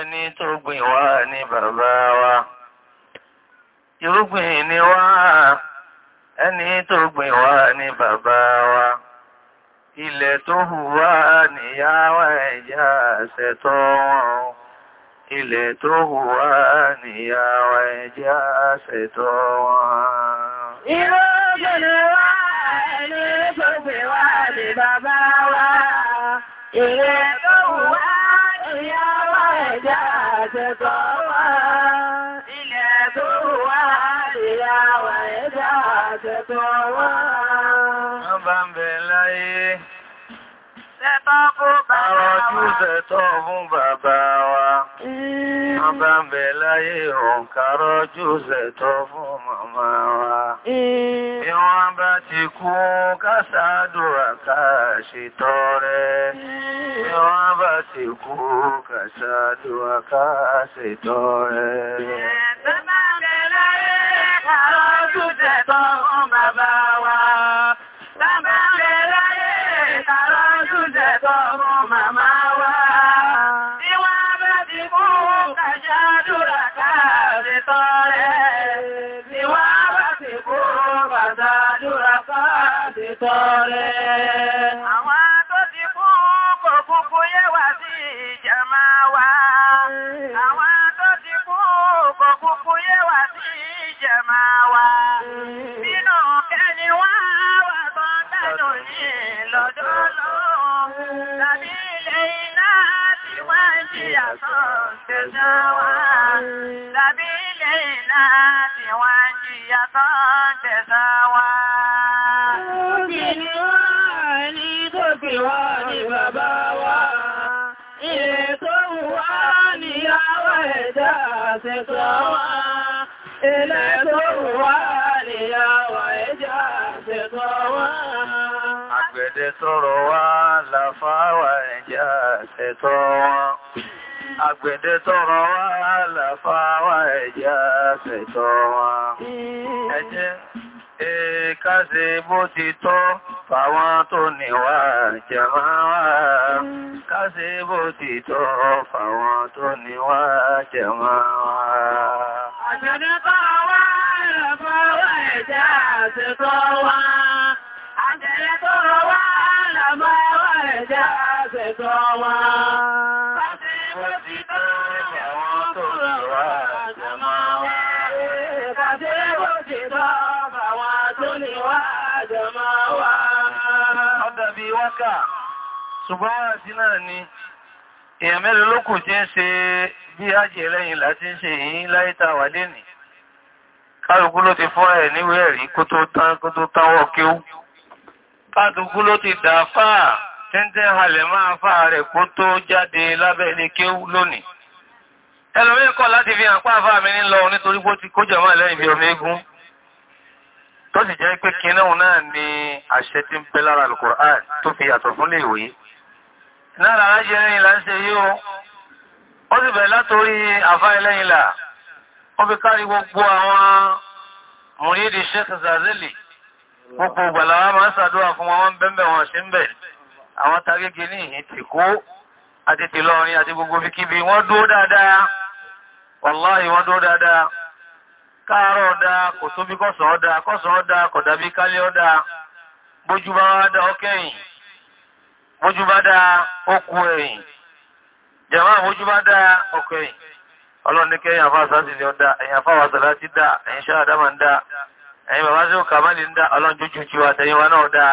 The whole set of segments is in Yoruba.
ẹni tó gbìn wá ní bàbá wa irúgbìn ni wá ẹni tó gbìn wá ní bàbá wa ilẹ̀ tó hù wá níyàwó ẹ̀yà àṣẹ́tọ́ wọn ilẹ̀ tó hù wá níyàwó ẹ̀yà àṣẹ́tọ́ wọn irúgbìn ni wá ẹni tó gbìn wá ní bàbá wa ilẹ̀ tó hù wá ajá àṣẹ́kọ́ wá, ilẹ̀ tó wá ìyàwó ẹ̀dá àṣẹ́kọ́ wá. Wọ́n bá ń bẹ láyé. Ṣẹ́tọ́ fún bàbá wa. Àwọn ojú ṣẹ̀tọ́ fún bàbá bá ń bẹ láyé òǹkàrọ́ jùsẹ̀ tọ́ fún màmá wa. Mm. Bí wọ́n bá ti kú kásádùrà káàṣìtọ́rẹ. Mm. Bí wọ́n bá ti kú kásádùrà káàṣìtọ́rẹ. Bàbá bẹ láyé òǹkàrọ́ jùsẹ̀ tọ́ fún màmá máa wá. Mm. Àwọn tó ti kú kò kúkú yé wà sí ìjẹ máa wá. Mm. Nínú kẹ́ni wá wà tó dánù ní lọ́dọ́ lọ. Mm. Tàbí ilé iná ti wá ń jìyà tó gbẹ̀dọ̀ Tàbí ilé iná ti wá ń jìyà سواء إلى الوالي وإجاز سواء Àgbẹ̀dẹ tọrọ wá làfáwà ẹ̀já ṣẹ̀tọ́ wọn. Àgbẹ̀dẹ tọrọ wá làfáwà ẹ̀já ṣẹ̀tọ́ wọn. Ẹjẹ́ ẹ̀ẹ́ká ṣe bó ti tọ́ fàwọn tó níwà jẹmáwà kásí bó ti tọ́ fàwọn tó níwà jẹmáwà. Àjọ̀dún kọ́ wá ẹ̀fọ́ ẹ̀jẹ́ àṣẹ́kọ́ wá. Àjẹ́lẹ́ tó wá lọ́mọ́ ẹ̀jẹ́ àṣẹ́kọ́ wá. Kásí bó ti tọ́ ṣùgbọ́n ara ni èèyàn mẹ́rin ló kù tí ń ṣe bí ájẹ̀ lẹ́yìn láti ń ṣe èyí láyétà wà lẹ́nì kálukú ló ti fún ẹ̀ níwé ẹ̀rí kó tó tán kó tó tánwọ́ kí ó kálukú ló ti dà fáà tẹ́ntẹ́ halẹ̀ máa fáà rẹ̀ kó tó jáde lábẹ́ ilé kí ó lónìí ẹlòmí kọ̀ láti fi àpá àfáà mi ní lọ nítorí pó ti kó jẹ̀mọ́ lẹ́yìn ni àṣẹ tí ń pẹ́ lára Al-Qur'an tó náà làwọn ṣe rìn ìlà ń ṣe yí o ó sì bẹ̀rẹ̀ látorí àfá ẹlẹ́yìn là wọ́n fi kárí gbogbo àwọn mùrídìí Sheikh Zazeli gbogbo gbàlàwà máa ń sàdúrà fún wọn bẹ́m̀bẹ̀ wọn ṣe ń bẹ̀ àwọn tagége ní ìhìn ti kó àti tìlọrin àti gbogbo fikibi wọ́n dúó dáadáa wàláhì wọ́n dúó dáadáa káàrọ̀ ọ̀dá kò tóbi kọ́sọ̀ ọ̀dá kọ́sọ̀ ọ̀dá kọ̀dàbí kálẹ̀ ọ̀dá bójú dá ọkẹ́yìn bójú bá dáa okù ẹ̀yìn jẹ̀mọ́ àmójú bá dáa okù ẹ̀yìn ọlọ́ni kẹ́ ẹ̀yìn àfáà sáàtì ni ó dá ti dá ẹ̀yìn ṣáà dámà ń dá ẹ̀yìn bàbá sí òkà má ní ń dá ọlọ́njójú tẹ̀yìn wa náà dá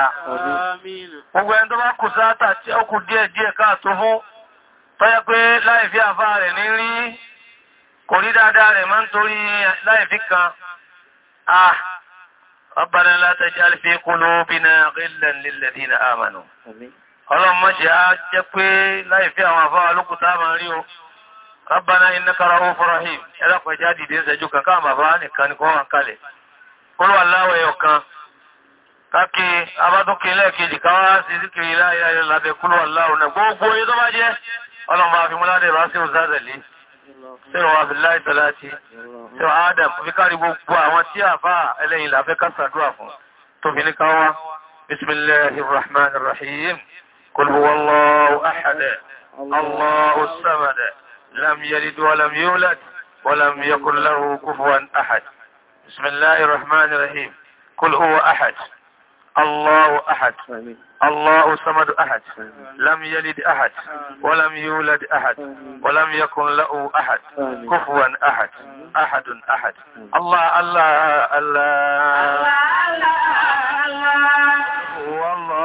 gbogbo ẹni tó bá kù sáátà tí ó kù díẹ̀ díẹ̀ káàtó fún tọ́yẹ́ pé láì fi rẹ̀ ní rí kò ọlọ́mọ́ṣẹ́ á jẹ́ pé láìfẹ́ àwọn àfáà lókùtà máa rí o rabbana innaka ra'ufur rahim ẹlọ́pọ̀ ẹjá dìde ìṣẹ́jú kan káàmà bá nìkan ní kọ́ wọn kalẹ̀ kúrò aláwẹ̀ ọ̀kan káàkì abádókè lẹ́ẹ̀kejì káwá sí síkiri láyé lábẹ́ kúrò aláwẹ̀ náà gbogbo yí tó bá jẹ́ ọlọ́mọ afimúládẹ̀ bá sí òzázẹ̀lé sẹ́rọ abdullahi talati sẹ́rọ adam fi kárí gbogbo àwọn tí àfá ẹlẹ́yìn làfẹ́ kásàdúrà fún tó fi ní káwá bismillahirrahmanirrahim قل هو الله أحد الله الصمد لم يلد ولم يولد ولم يكن له كفوا أحد بسم الله الرحمن الرحيم قل هو أحد الله أحد الله صمد أحد لم يلد أحد ولم يولد أحد ولم يكن له أحد كفوا أحد أحد أحد الله الله الله الله الله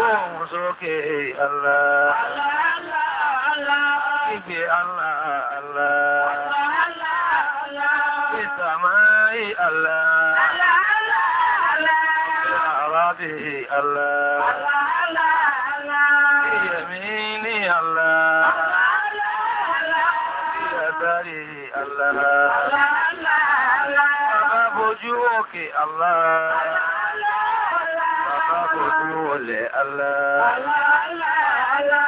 Ohùn sókè Allah. Ìgbè Allah Allah. Ìsàmáì Allah. Àrábì Allah. Ìyẹ̀mí Allah. Ìyẹ̀bẹ̀rì Allah. Àbábojú òkè Allah. Olè alá. Alá alá alá.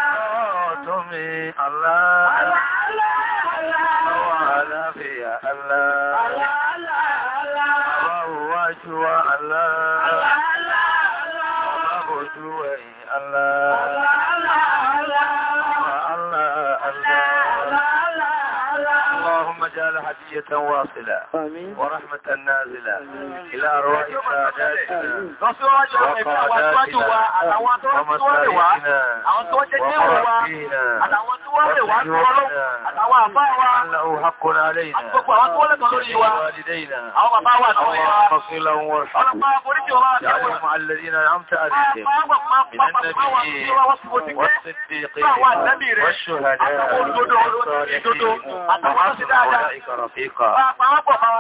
Ọ̀tún mi alá. Alá alá alá. Ọwọ́ àlàáfíà alá. Alá alá alá. Àbáwò wájú wa alá. Alá alá alá. Ọmọ bòjú ẹ̀yìn alá. Alá. هدية واصلة ورحمة نازلة إلى أرواح ساداتنا وقعداتنا ومساكنا ومربينا bá tẹ̀ wá ní ọlọ́ àtàwọn àbá wa àkọ́kọ́ àwọn tó lẹ́tọ̀ lórí wa àwọn bàbá wa tó yẹ wa ọlọ́pàá oríṣi ọlá àtẹ́wọ̀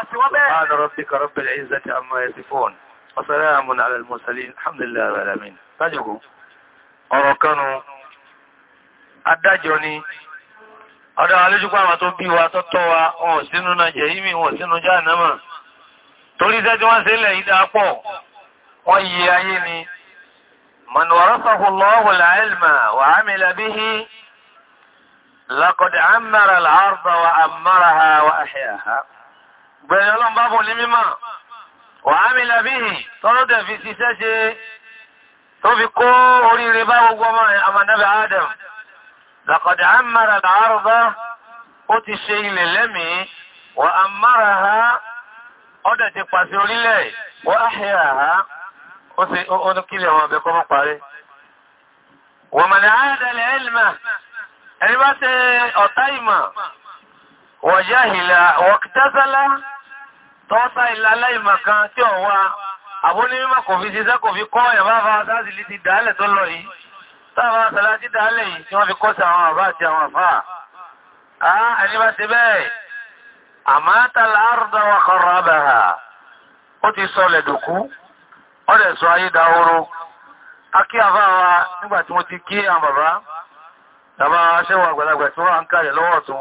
سبحان ربك رب العزة عما يصفون وسلام على المرسلين الحمد لله رب العالمين تجوا أركنوا adájọ́ ni ọ̀dọ̀ alójúpá àwọn tó bí wa tọ́tọ́ wa ọ̀ sínú náà jẹ́ ìmì wọn sínú jáànámà torí iṣẹ́ tí wọ́n ṣe lẹ̀ ìdá pọ̀ wọ́n yí ayé ni man warasahu Allahu al-ilma wa amila bihi laqad ammara al-arda wa ammaraha wa ahyaha ṣe tó làkọ̀dà àmàrà àárọ̀bá ó ti ṣe ilẹ̀ lẹ́mìí wà àmàrà ha ọ́dẹ̀ ti pàṣẹ orílẹ̀ wà áhìrà ha ó sì ónúkílẹ̀ wọn bẹ̀kọ́ mọ́ parí wà mọ̀ ní àádẹ́lẹ̀ ẹlìmà ẹni bá ṣe ọ̀tá ìmọ̀ wà yáhìlà wọ̀kítẹ́sẹ́lá tọ́ọ́sá ìlàlá ìmọ̀ kan tí ọ̀wà àbónímọ̀ kò fi ṣiṣẹ́ kò fi kọ́ ẹ̀bá fa sáàsì lè ti dálẹ̀ tó lọ yìí táwọn àtàlájí dálẹ̀ yìí tí wọ́n fi kọ́sà àwọn àbá àti àwọn àfá ẹni bá ti bẹ́ẹ̀ àmátàlá àrùdáwà kọrọ àbára ó ti sọ lẹ̀dùkú ọdẹ̀ sọ ayé dáhóró akí àfáwa nígbà tí wọ́n ti kí àwọn bàbá bàbá aṣẹ́wà àgbàlagbà tí wọ́n ń kàrẹ̀ lọ́wọ́ tún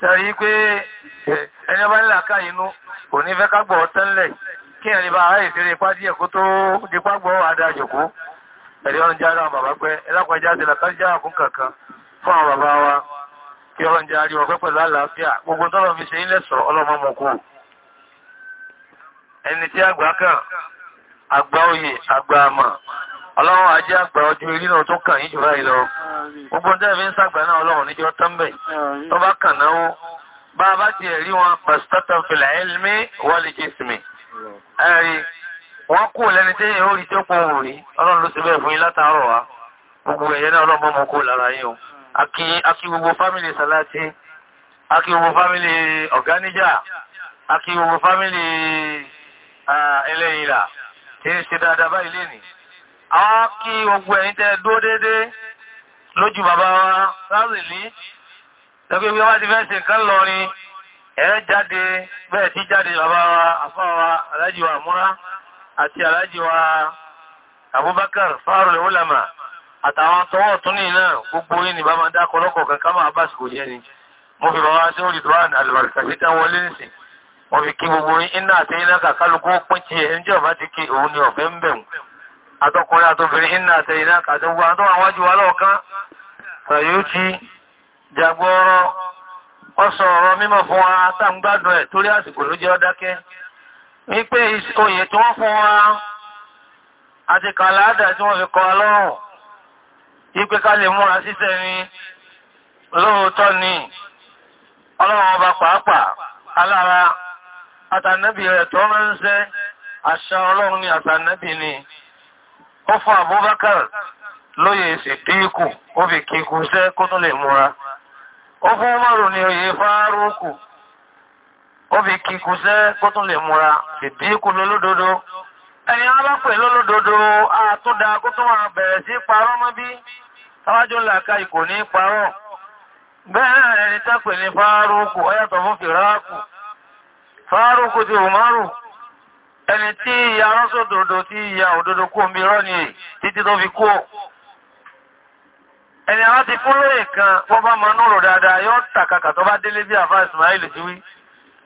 sẹ́rí pé ẹni ọba nílà inú kò ní fẹ́ kágbọ̀ kí ẹni bá ara ìfẹ́rẹ́ ipá díẹ̀ kó tó dípá gbọ́ adájòkó ẹ̀rí ọ̀run jára àwọn bàbá pẹ́ ẹlápàájá ti làkà jára kankan fún gbogbo kan ọlọ́run ajé àgbà ọjọ́ ìrìnà tó kàn yí jùlọ ìlọ gbogbo dẹ́ẹ̀fí ń sàgbà náà ọlọ́run níjọ tánbẹ̀ tó bá kàn náà bá bá ti ẹ̀rí wọn pẹ̀sítọ́tọ̀ fìlà ẹlmi wọ́lì jésìmì ẹ̀rí wọ́n kú lẹ́ni tí yóò rí tó pọ̀ wò rí ọlọ́run ló ti bẹ́ẹ̀ fún yín látàárọ̀ wa gbogbo ẹ̀yẹ náà ọlọ́run mọ́ kó lára yín o akí gbogbo fámìlì sàláàtì akí gbogbo fámìlì ọ̀gáníjà akí gbogbo fámìlì ẹlẹ́yìnlá tí ń ṣe dáadáa báyìí lénìí àwọn kí ogun ẹ̀yìn tẹ́ dúó dédé lójú bàbá wa sáàrìlì tẹ́gbé bí wá ti fẹ́ ṣe kán lọrin ẹ̀ẹ́ jáde bẹ́ẹ̀ tí jáde bàbá wa àfáwa aláàjì wa múra àti aláàjì wa Abubakar fárùlẹ̀ ulama àtàwọn tọwọ́ tún ní náà gbogbo yìí ni bá máa dákọ lọ́kọ̀ kankan máa bá sì kò jẹ́ ni mo fi bàbá sí orí duwan albarkaci tán wọlé nìsìn mo fi kí gbogbo yìí iná àti iná àtọkùnrin àtòbìnrin hinna àtẹ̀yìnà àtẹ̀gbogbo àwọn tó wà wájú wa lọ́ọ̀kan sàyóòtí jagbọ́ọ̀rọ̀ ọ̀sọ̀ ọ̀rọ̀ mímọ̀ fún wa tàǹgbàdùn ẹ̀ torí àsìkò ló jẹ́ ọdákẹ́ wípé oyè tí wọ́n fún wa àti kàláàdà tí wọ́n fi kọ́ lọ́rùn ni ni ọba àtànẹ́bì rẹ̀ tó ránṣẹ́ àṣà ọlọ́run ni àtànẹ́bì ni ó fún Abubakar lóyè Sìdíkù ó fi kíkú sẹ kó tó lè múra ó fún Umaru ní oyè Fárúkù ó kíkú sẹ́ kó tó lè múra Sìdíkù lólódodo ẹni a lólódodo àtúndà kó tó wà bẹ̀rẹ̀ sí parọ́ mọ́ bí tọ́wájú làkà ìkò ní parọ́ bẹ́ẹ̀ ẹni tá ní Fárúkù ó fún Fìrákù ti ẹni tí ìyà ránṣọ́ dòdò tí ìyà òdòdó kú omi rọ́ ní títí tó fi kú ẹni àwọn ti fún lóyè kan wọ́n bá ma nọ́rọ̀ dáadáa yọ́ tàkàkà tó bá délé bí àfáà Ismail ti wí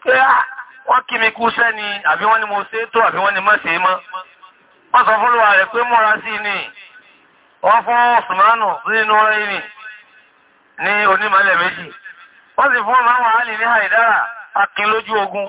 pé ah, wọ́n kí mi kú sẹ́ni àbí wọ́n ni mo ṣe tó àbí wọ́n ni mọ́ ṣe mọ́ wọ́n sọ fún lówà rẹ̀ pé múra sí ni wọ́n fún Usmanu sínú rẹ̀ ní onímọ̀lẹ̀ méjì wọ́n sì fún ọmọ àwọn àlè ní àìdára akin lójú ogun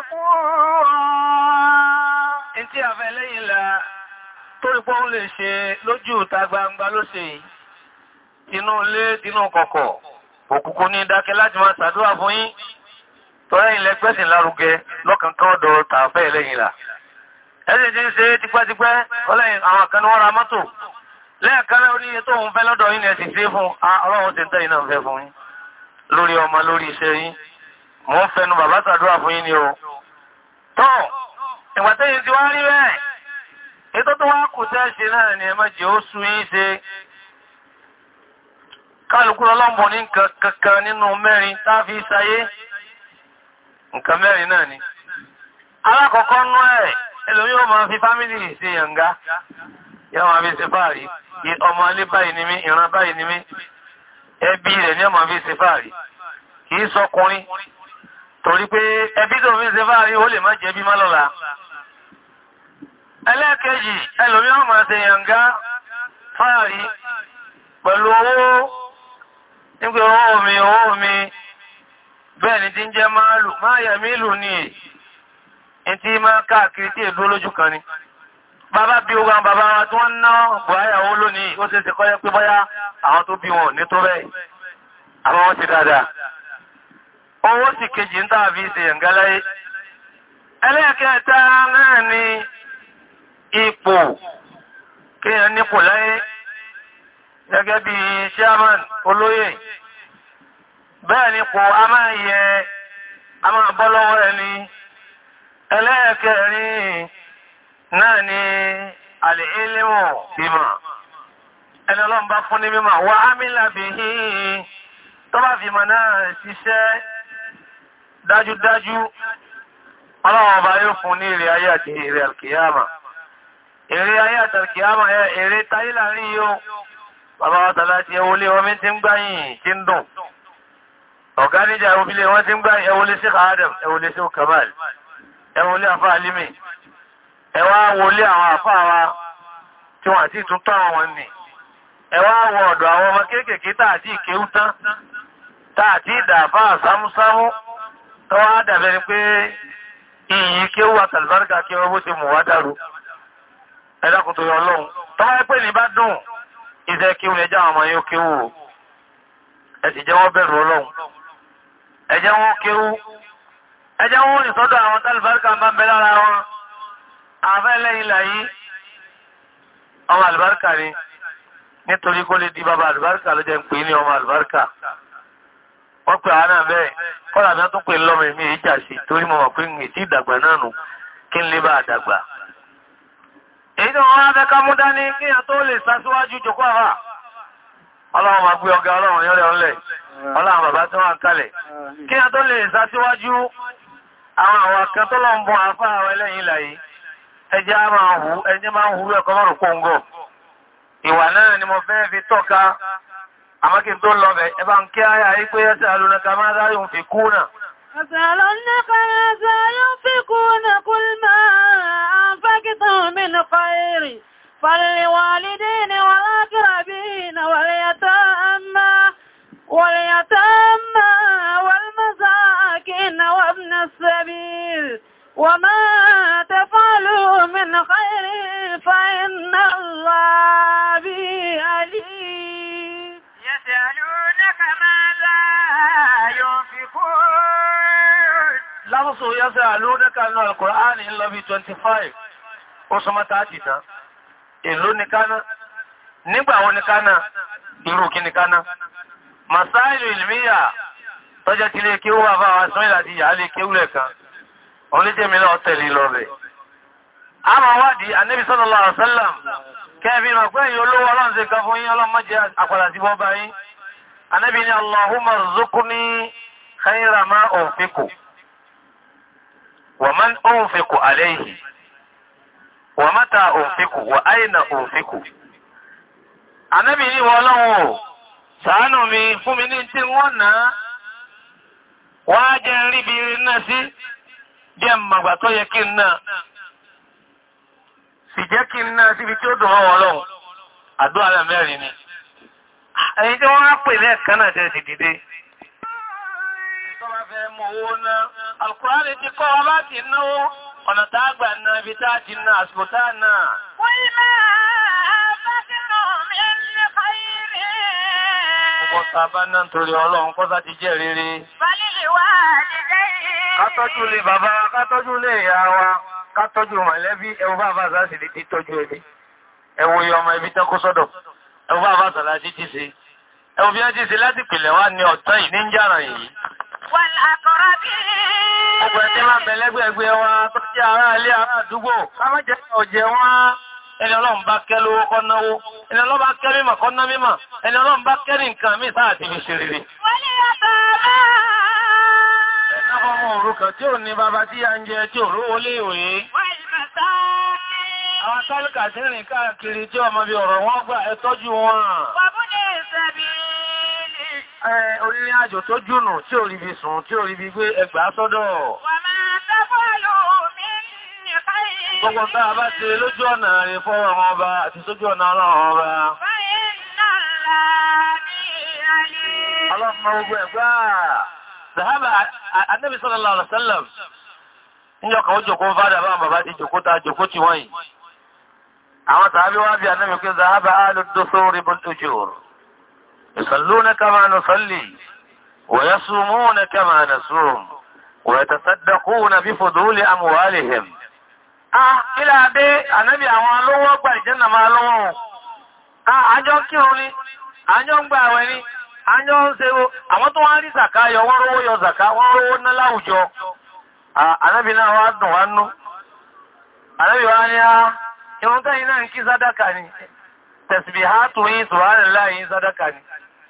In tí a fẹ́ lẹ́yìn la tó rí pọ́n lè ṣe lójú ìta gbangba ló ṣe inú ilé dínú kọ̀kọ̀ òkùnkù ní ìdákẹ́ láti máa ṣàdúrà fún yín tọ́rẹ́yìn lẹ́gbẹ́sìn lárugẹ lọ́kànkan ọ̀dọ̀ tààfẹ́ lẹ́yìn la ẹ̀sìn tí ń ṣe tipẹ́tipẹ́ ọlẹ́yìn àwọn kan ní wọ́n ra mọ́tò lẹ́ẹ̀kẹ́rẹ́ oníye lórí ọmọ lórí iṣẹ́ yín mò ń bàbá sàdúrà ni o tọ́ ìgbàtẹ́yìn ti wá rí rẹ̀ ètò tó wá kù tẹ́ ṣe náà ni ẹmẹ́jì ó sú yí ṣe kálukú ní kankan nínú mẹ́rin táàfi sáyé nǹkan mẹ́rin náà ni alákọ̀ọ́kọ́ nú ẹ̀ ẹlòmí máa fi fámílì ṣe yànga yá fi ni ni fi kìí sọkùnrin torí pé ẹbí tó fi ń ṣe fáàrí ó lè má jẹ bí má lọ́la ẹlẹ́ẹ̀kejì ẹlòmí ọmọ ṣe yànga fáàrí pẹ̀lú owó nígbẹ̀ owó mi owó mi bẹ́ẹ̀ ni tí ń jẹ́ máàlù máàyà ni ẹ̀ tí máa káàkiri tí èdú lójú kan bàbá bí ogun bàbá wa tí wọ́n ná bọ̀háyàwó lónìí ó ṣe ṣe kọ́yẹ́ pé bọ́yá àwọn tó bí wọn ní tó bẹ́ẹ̀ àwọn wọn ti dáadáa owó sì kejì ń dáàbí ṣe yàngáláyé ẹlẹ́ẹ̀kẹta náà ni ipò kéèyàn nípò láyé gẹ́gẹ́ bí chairman olóyè bẹ́ẹ̀ nípò a máa yẹ a máa bọ́ lọ́wọ́ ẹni ẹlẹ́ẹ̀kẹrin náà ni àlèélẹ́wọ̀ ìmọ̀ ẹni ọlọ́mbá fún ní mímọ̀ wà á mílàbí tó bá fi mọ̀ dájúdájú ọlọ́wọ́ ọba yóò fún ní èrè ayé àti èrè alkiyama èrè ayé àti alkiyama ẹ èrè táyé láàrin yóò bàbá wa tàlá ti ẹwọlé omi tí ń gbáyìn tí ń dùn ọ̀gá níjà ìwòbílé wọ́n ti ń gbáyìn ẹwọlé sí adam ẹwọlé sí kamal ẹwọlé àfá ìdàfà sámúsámú tọ́wọ́ dàbẹ̀ pé ìyí kí ó wà tàlbárgà kí ọwọ́ ti mù wá dàrú ẹ̀dàkùn tó yọ ọlọ́run tọ́wọ́ pé ní bá dùn ìzẹ́ kí wọ́n ẹjá ọmọ yóò kéwò ẹ̀sì jẹ́ wọ́n bẹ̀rù ọlọ́run ẹjẹ́ wọ́n kéwú ẹjẹ́ wọ́n ní àwọn tàlbárgà bá ń bẹ lára wọn àfẹ́lẹ́yìn làyí ọmọ ni nítorí kó lè di ọmọ kọ́lá mi tó pè lọ́mọ èmi ìjà sí torí mo mọ̀ pé ń ìdàgbà náà nù kí n lé bá àdàgbà. èyí ni wọ́n fẹ́ ká mú dání kí èèyàn tó lè síwájú àwà ọlọ́run máa gbé ọgá ọlọ́run ọlọ́run bàbá tó wà kí tó lè síwájú àwọn àwọn kan tó lọ ń bọ àfá àwọn ẹlẹ́yìn láyé ẹjẹ́ máa ń ẹjẹ́ máa ń mọ́rùn-ún àmọ́ kí n tó lọ bẹ̀ ẹbá ń kí ayá yí pé ẹsẹ̀ alùnaka máa dá yóò fi kú náà أسألنك ماذا ينفقون قل ما أنفقتم من خير فللوالدين والأقربين واليتامى واليتامى والمساكين وابن السبيل وما تفعل ṣámsù yẹ́ sẹ́ àlúrẹ́kà ní alkùránì ń lọ bí 25 oṣù mọ́ta jìta ìlú nìkaná nígbà wọn nìkaná irú kí nìkaná masáìlú ìlmíyà tọ́jẹ́ ti lè kí ó wà bá wa sún ìlàdí yà á lè kí wúlẹ̀ kan òun lè jẹ́mi lọ tẹ̀lé lọ rẹ̀ a máa wádìí anẹ́bí sallallahu alaihi wasallam kẹ́ẹ̀bí mọ̀ pé ni allahumma rzuqni khayra ma unfiqu ومن أنفق عليه ومتى أنفق وأين أنفق Ànábì ní wọ́n lọ́wọ́ ṣàánù mi fún mi ní tí wọ́n náà wọ́n á jẹ́ rí bí i náà sí jẹ́ màgbà tó yẹ kí náà sì jẹ́ kí náà síbi tí ó dùn ọwọ́ lọ́wọ́ àdúrà mẹ́rin ni. Ẹni tí wọ́n á lẹ́ẹ̀kan náà jẹ́ sì dìde tọ́wọ́ fẹ́ mọ̀ owó náà alkùránì ti kọ́ wa láti náwó ọ̀nà tágbà náà ibi tá ti ná àsìkòtá náà wọ́n ilẹ̀ àbájínà ilẹ̀ fàírí ọkọ̀ta bá náà torí ọlọ́run kọ́sá ti jẹ́ rere kátọ́jú lè bàbá wa kátọ́jú lè ìyá wa kátọ́jú mọ̀lẹ́bí ẹwọ bàbá sáà sì lè ti tọ́jú ẹbí ẹwọ iye ọmọ ẹbí tẹ́kó sọ́dọ̀ ẹwọ bàbá sàlá sí ti ṣe ẹwọ bí wọ́n ti ṣe láti pìlẹ̀ wá ní ọ̀tọ́ ìníjára yìí Ẹgbẹ́ tí máa bẹ̀lẹ́gbẹ̀ ẹgbẹ́ wa tó jẹ́ ará ilé ará àdúgbò, ká má jẹ́ ọ̀jẹ̀ wọn ẹni ọlọ́run bá kẹ́ lówó kọ́ náwó, ẹni ọlọ́run bá kẹ́ mímọ̀ kọ́ ná mímọ̀, ẹni ọlọ́run bá kẹ́ ní nǹkan mí sáà ti fi ṣe rere. Wọ́n ní ọ̀tọ̀ ọmọ! Ẹ̀nà ọmọ orílẹ̀ àjò tó jùnù tí ò ríbi sùn tí ò ríbi gbé ẹgbà sọ́dọ̀. Gbogbo tá a bá ṣe lójú ọ̀nà rẹ̀ fọ́wọ́ ọmọ ọba àti sójú ọ̀nà ọlọ́run ọba. Ọlọ́pàá gbogbo ẹ̀gbà. Sàhábà, Annabi sallallahu alaihi wasallam, níjọkà ó jòkó fádà bá bàbá ti jòkó ta jòkó ti wọ́n yìí. Àwọn tàbí يصلون كما نصلي ويصومون كما نصوم ويتصدقون بفضول أموالهم ah kila ade anabi àwọn alówó gba ìjẹ́nà máa lọ́wọ́ ah àjọ kírun ni àjọ ń gba àwẹ̀ ni àjọ ń ṣe o àwọn tó wá rí zàká yọ wọ́n rówó yọ zàká wọ́n rówó ná láwùjọ anabi náà wá dùn wá anabi wá ní á irun tẹ́yìn náà ń kí sádàkà ni tẹ̀sìbì hátù yìí tùwárẹ̀ láàyìn sádàkà ni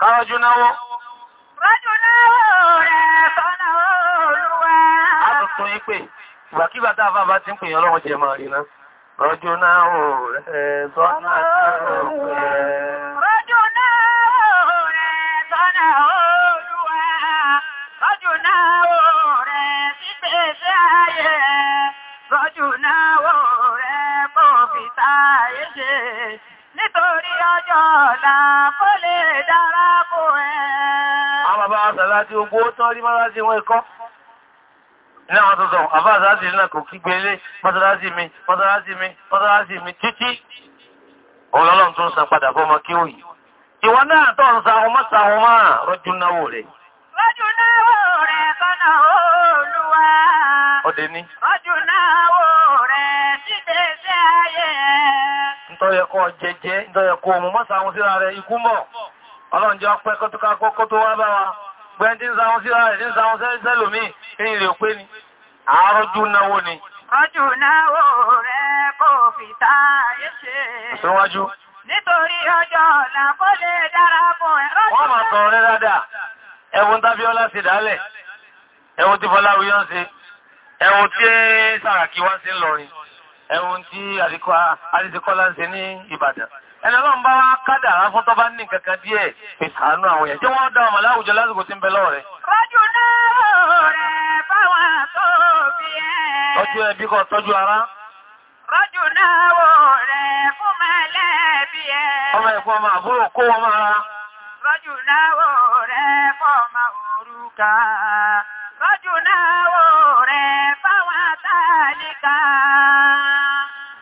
Kárọ́jú náwó. Rọ́jú náwó rẹ̀ sọ́nà olúwa. A tuntun yí pé, ìgbàkígbà tá a fà bá ti ń pè yàn lọ́wọ́ jẹ máa rí náà. Rọ́jú náwó rẹ̀ sọ́nà olúwa. Rọ́jú náwó rẹ̀ sọ́nà olúwa. Rọ́jú náwó rẹ̀ sígbèsè ayé. Rọ́jú náwó rẹ̀ kò fi táyé ṣe ọjọ́ ọ̀la kó lè dára bò ẹ́. Àwọn Ní àwọn tuntun, àbá àtàlásì kò kí gbélé, mọ́sálásí mi, mọ́sálásí mi, mọ́sálásí mi títí. Ọlọ́run tún san padà fọ́mọ kí ó yìí. Ìwọ náà tọ́ ń sa ọmọ sa ọmọ rọ́jú náwó rẹ̀. Rọ́jú náwó rẹ̀ kọ́nà olúwa. ìtọ́yẹ kọ́ jẹjẹ ìtọ́yẹ kọ́ mọ́sà àwọn ikú mọ̀ ọlọ́njẹ́ ọpẹ́ tó wá bá wa gbẹ́ndí ń sáwọn síra rẹ̀ ń sáwọn sẹ́lòmí rẹ̀ pé ni àárọ́jú náwó ni rọ́jú náwó rẹ̀ nítorí ọjọ́ ẹ̀wọ̀n tí àdìsíkọ́lá ń ṣe ní Ìbàdàn ẹni ọlọ́run bá wá kádàrá fún tọ́ bá ní kankan díẹ̀ ìsànú àwọn èèyàn jẹ́ wọ́n dá ọmọ láwùjọ lásìkò tí ń bẹ lọ́wọ́ rọ́jù náà rẹ̀ báwọn tó bí ẹ̀. tọ́jú ẹbí kọ́ rọ́jù náà rẹ̀ rẹ̀ fáwọn táàlíkà.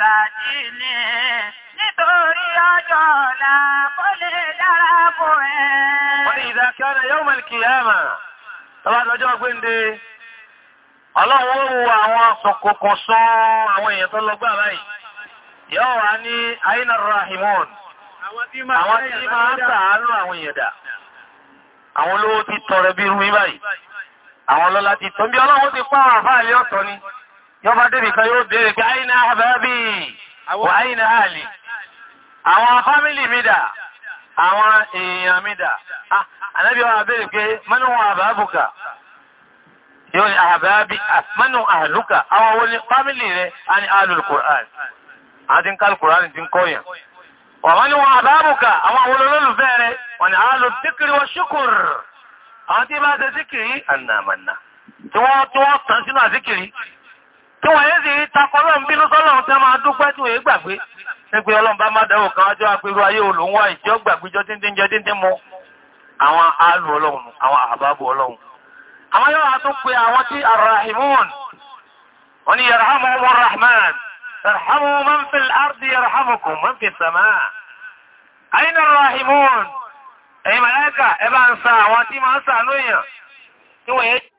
sàjílẹ̀ nítorí ọjọ́ ọ̀la kó lè dára fún ẹ. Wọ́n ni ìdákẹ́ ọ̀nà yóò mẹ́lì kìí àmà, tọ́lá lọ́jọ́ gbéǹde, ọlọ́run àwọn Aina Rahimon, àwọn tí máa sàánú àwọn èèyàn dà, àwọn olówó ti tọrẹ bí irú báyìí, àwọn ọlọ́lá ti tọ́ bí ọlọ́run ti pàwọn àfáà lé ọ̀tọ̀ ni yóò bá débi kan yóò bèèrè pé àìnà àbábí wà àìnà àlì àwọn fámílì mídà àwọn èèyàn mídà ah, ànábí wọ́n bèèrè pé mọ́nà wọn àbábùkà yóò ní àbábí mọ́nà àlùkà àwọn wọ́n ní fámílì rẹ̀ a ní alùkùrán àti ń kálùkùrán ti ń kọ́yàn wọ́n ní wọn àbábùkà àwọn olólùfẹ́ rẹ̀ wọ́n ní alùtíkiri wọ́n tí wọ́n tán sínú àsíkìrí kí wọ́n yẹ́ sì takọ́lọ́ ń bínú sọ́lọ́run tẹ́ máa tí wọ́n gbàgbé nígbé ọlọ́mbá má dáwò kan ájọ́ ayé ìjọ tí ń dín díndín mú àwọn alù ọlọ́run àwọn àbábù ọlọ́run àwọn yóò wá tún pé àwọn tí ni ardi ẹ̀yin ẹ bá ń sa àwọn tí máa